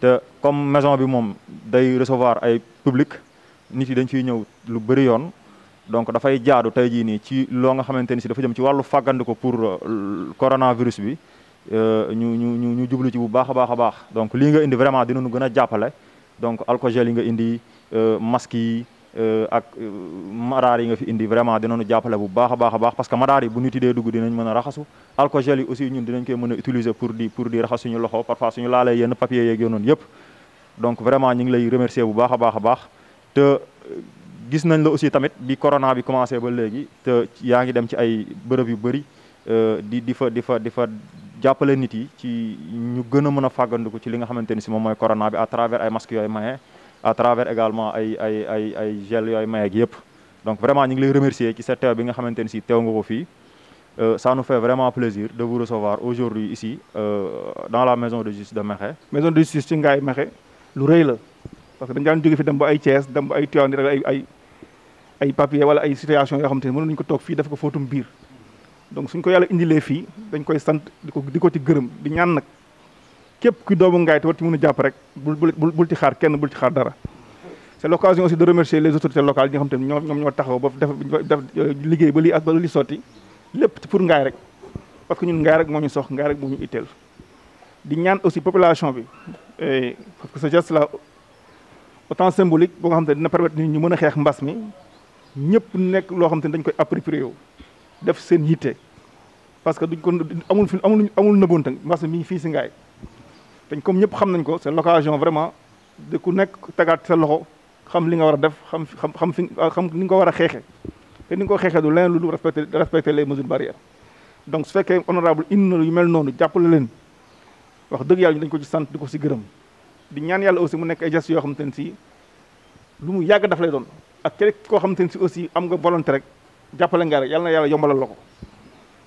te comme maison bi moom day recevoir ay public nit yi dañ ciy ñëw lu bëri yoon donc dafay jaadu tey jii nii ci loo nga xamante ni si dafa jëm ci wàllu fàggandiku pour euh, coronavirus bi euh, ñu ñu ñu ñu jublu ci bu baax a baax a baax donc lii nga indi vraiment dinañu gën a jàppale donc alcogel yi nga indi euh, masque yi Eh, ak eh, marar yi nga fi indi vraiment ñu jappalé bu baaxa baaxa baax parce que marar yi bu nit yi dee dugg dinañ mëna raxasu raxasu gel yi aussi ñun dinañ koy mëna utiliser pour di pour di raxasu ñu loxo parfois suñu laalé yeen papier yeeg yoonoon yépp donc vraiment ñi ngi lay remercier bu baaxa baaxa baax te eh, gis nañ la aussi tamit bi corona bi commencé ba légui te yaangi dem ci ay bërëb yu bëri di di fa di fa di fa jàppale nit yi ci ñu gëna mëna fagandiku ci li nga xamanteni ni si moom mooy corona bi à travers ay masque yoy mayé à travers également ay ay ay ay gel yoy may ak yëpp donc vraiment ñu ngi lay remercier ci sa teew bi nga xamanteni ni si nga ko fi euh, ça nous fait vraiment plaisir de vous recevoir aujourd'hui ici euh, dans la maison de justice de Mekhe maison de justice ci ngay Mekhe lu reuy la parce que dañ daan jóge fi dem ba ay Thiès dem ba ay Tivaouane di ay ay ay papier wala ay situation yo xamanteni mënu ñu ko tok fi def ko fotum biir donc suñ ko yalla indi lé fi dañ koy sant diko diko di ko ci gërëm di ñaan nak képp ku doomu Ngaye te war ci mën jàpp rek bul bul bul ci xaar kenn bul ci xaar dara c'est l'occasion aussi de remercier les autorités locales yi nga xam te ne ñoom ñoom ñoo taxaw ba def def liggéey ba lii ak ba lépp ci pour Ngaye rek parce que ñun Ngaye rek moo ñu sox Ngaye rek moo ñu di ñaan aussi population bi eh, parce que ce geste là autant boo nga xam te na permettre nii ñu mën a xeex mbas mi ñëpp nekk loo xam te dañ koy approprier wu def seen yitte parce que duñ ko amul fi amul amul nëbboon tam mbas mi fii si ngaay te comme ñëpp xam nañ ko c'est l'occasion vraiment de ku nekk tagaat sa loxo xam li nga war a def xam xam xam fi xam ni nga ko war a xeexe te ni ko xeexe du leneen lu dul respecter respecter les mesures barrières donc su fekkee honorable indi na yu mel noonu jàppale leen wax dëgg yàlla ñu dañ ko ci sant di ko si gërëm di ñaan yàlla aussi mu nekk ay gestes yoo xam te ne si lu mu yàgg daf lay doon ak keneen koo xam te ne si aussi am nga volonté rek jàppale nga rek yàlla na yàlla yombalal la ko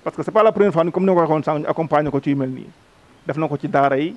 parce que c'est pas la première ko ci mel nii def na ko ci daara yi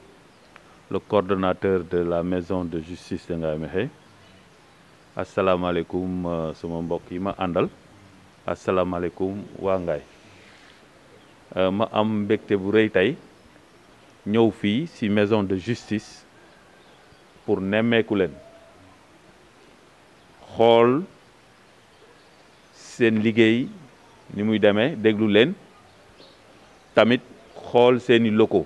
le coordonnateur de la maison de justice de Ngaye Assalamu euh, sama mbokk yi ma Assalamu Assalamu alaikum, je euh, ma am mbégte bu rëy maison de justice pour nemmeeku leen Hall Sen liggéey ni muy deglu len, tamit hall seni Loko.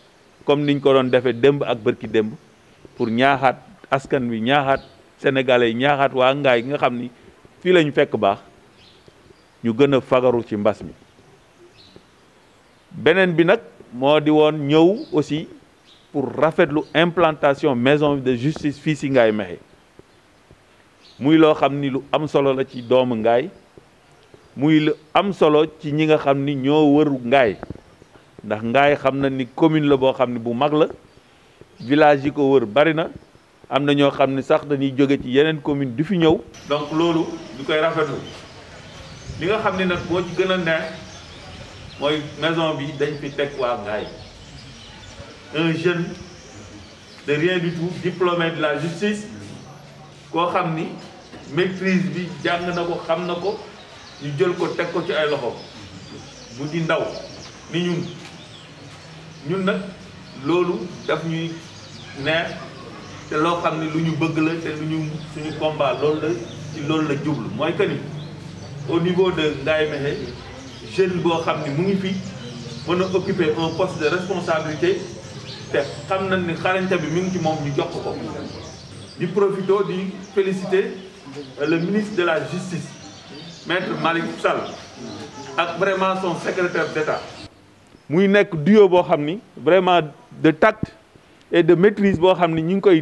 comme niñ ko doon defee démb ak bërki démb pour ñaaxaat askan wi ñaaxaat sénégalais ñaaxaat waa ngaay gi nga xam ni fii lañu fekk baax ñu gën a fagaru ci mbas mi beneen bi nag moo di woon ñëw aussi pour rafetlu implantation maison de justice fii si ngaay mexe muy loo xam ni lu am solo la ci doomu ngaay muy lu am solo ci ñi nga xam ni ñoo wëru ngaay ndax ngaay xam na ni commune la boo xam ne bu mag la village yi ko wër bari na am na ñoo xam ne sax dañuy jóge ci yeneen commune di fi ñëw donc loolu ñu koy rafetlu li nga xam ni nag boo ci gën a neex mooy maison bi dañ fi teg waa ngaay un jeune de rien du tout diplômé de la justice koo xam ni maîtrise bi jàng na ko xam na ko ñu jël ko teg ko ci ay loxo mu di ndaw ni ñun ñun nak lolu daf ñuy neex à lo xamni luñu bëgg la ci la que ni au niveau de Ngaye Mékhé jeune mu ngi occuper un poste de responsabilité et xam nañ ni bi mi ngi ci féliciter euh, le ministre de la justice maître Malik Sal ak vraiment son secrétaire d'État muy nek duo bo vraiment de tact et de maîtrise bo xamni ñu koy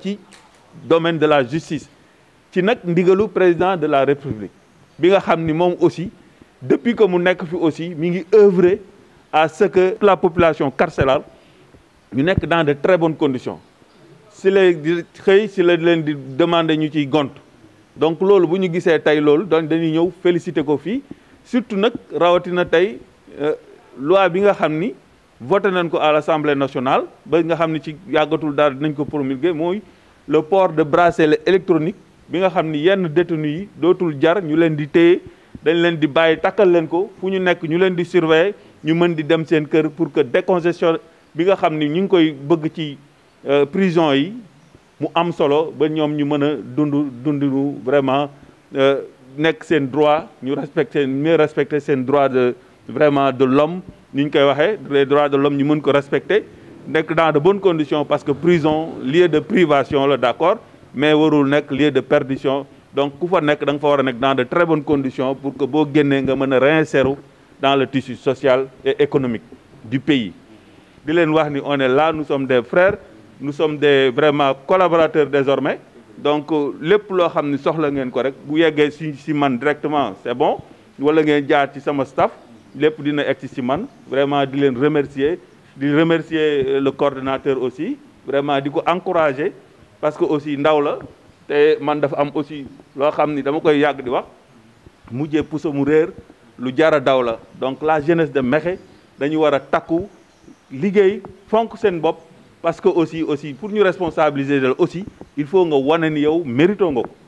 ci domaine de la justice ci sommes ndigalu président de la république bi nga xamni aussi depuis que mu nek fi aussi mi ngi œuvrer à ce que la population carcérale ñu nek dans de très bonnes conditions si les xey si la leen di demander ñu gont donc loolu nous gisé tay nous loolu donc dañuy nous féliciter ko fi surtout rawatina euh, loi bi nga xamni voté à l'Assemblée nationale ba nga ci le port de bracelet électronique bi nga ya yenn détenu yi jar ñu leen di téye dañ leen di takal leen ko nekk ñu leen dem pour que décongestion bi nga xamni euh, prison mu am solo ba ñom ñu nous dund vraiment euh, nekk droit ñu respecter mieux droit de vraiment de l'homme les droits de l'homme ñu respectés. ko respecter dans de bonnes conditions parce que prison lieu de privation d'accord mais warul nekk lieu de perdition donc nous sommes dans de très bonnes conditions pour que vous gens nga réinsérer dans le tissu social et économique du pays Nous sommes on est là nous sommes des frères nous sommes des vraiment collaborateurs désormais donc les plus xam ni soxla ngeen ko rek si vous man directement c'est bon wala ngeen jaar ci sama staff lépp dina egg si man vraiment di len remercier di remercier euh, le coordinateur aussi vraiment diko encourager parce que aussi ndaw la té man dafa am aussi lo xamni dama koy yag di wax mujjé puso mu réer lu jara a daw la donc la jeunesse de mexé dañu wara takku liggéey fonk sen bop parce que aussi aussi pour ñu responsabiliser aussi il faut nga wane ni yow mérito nga ko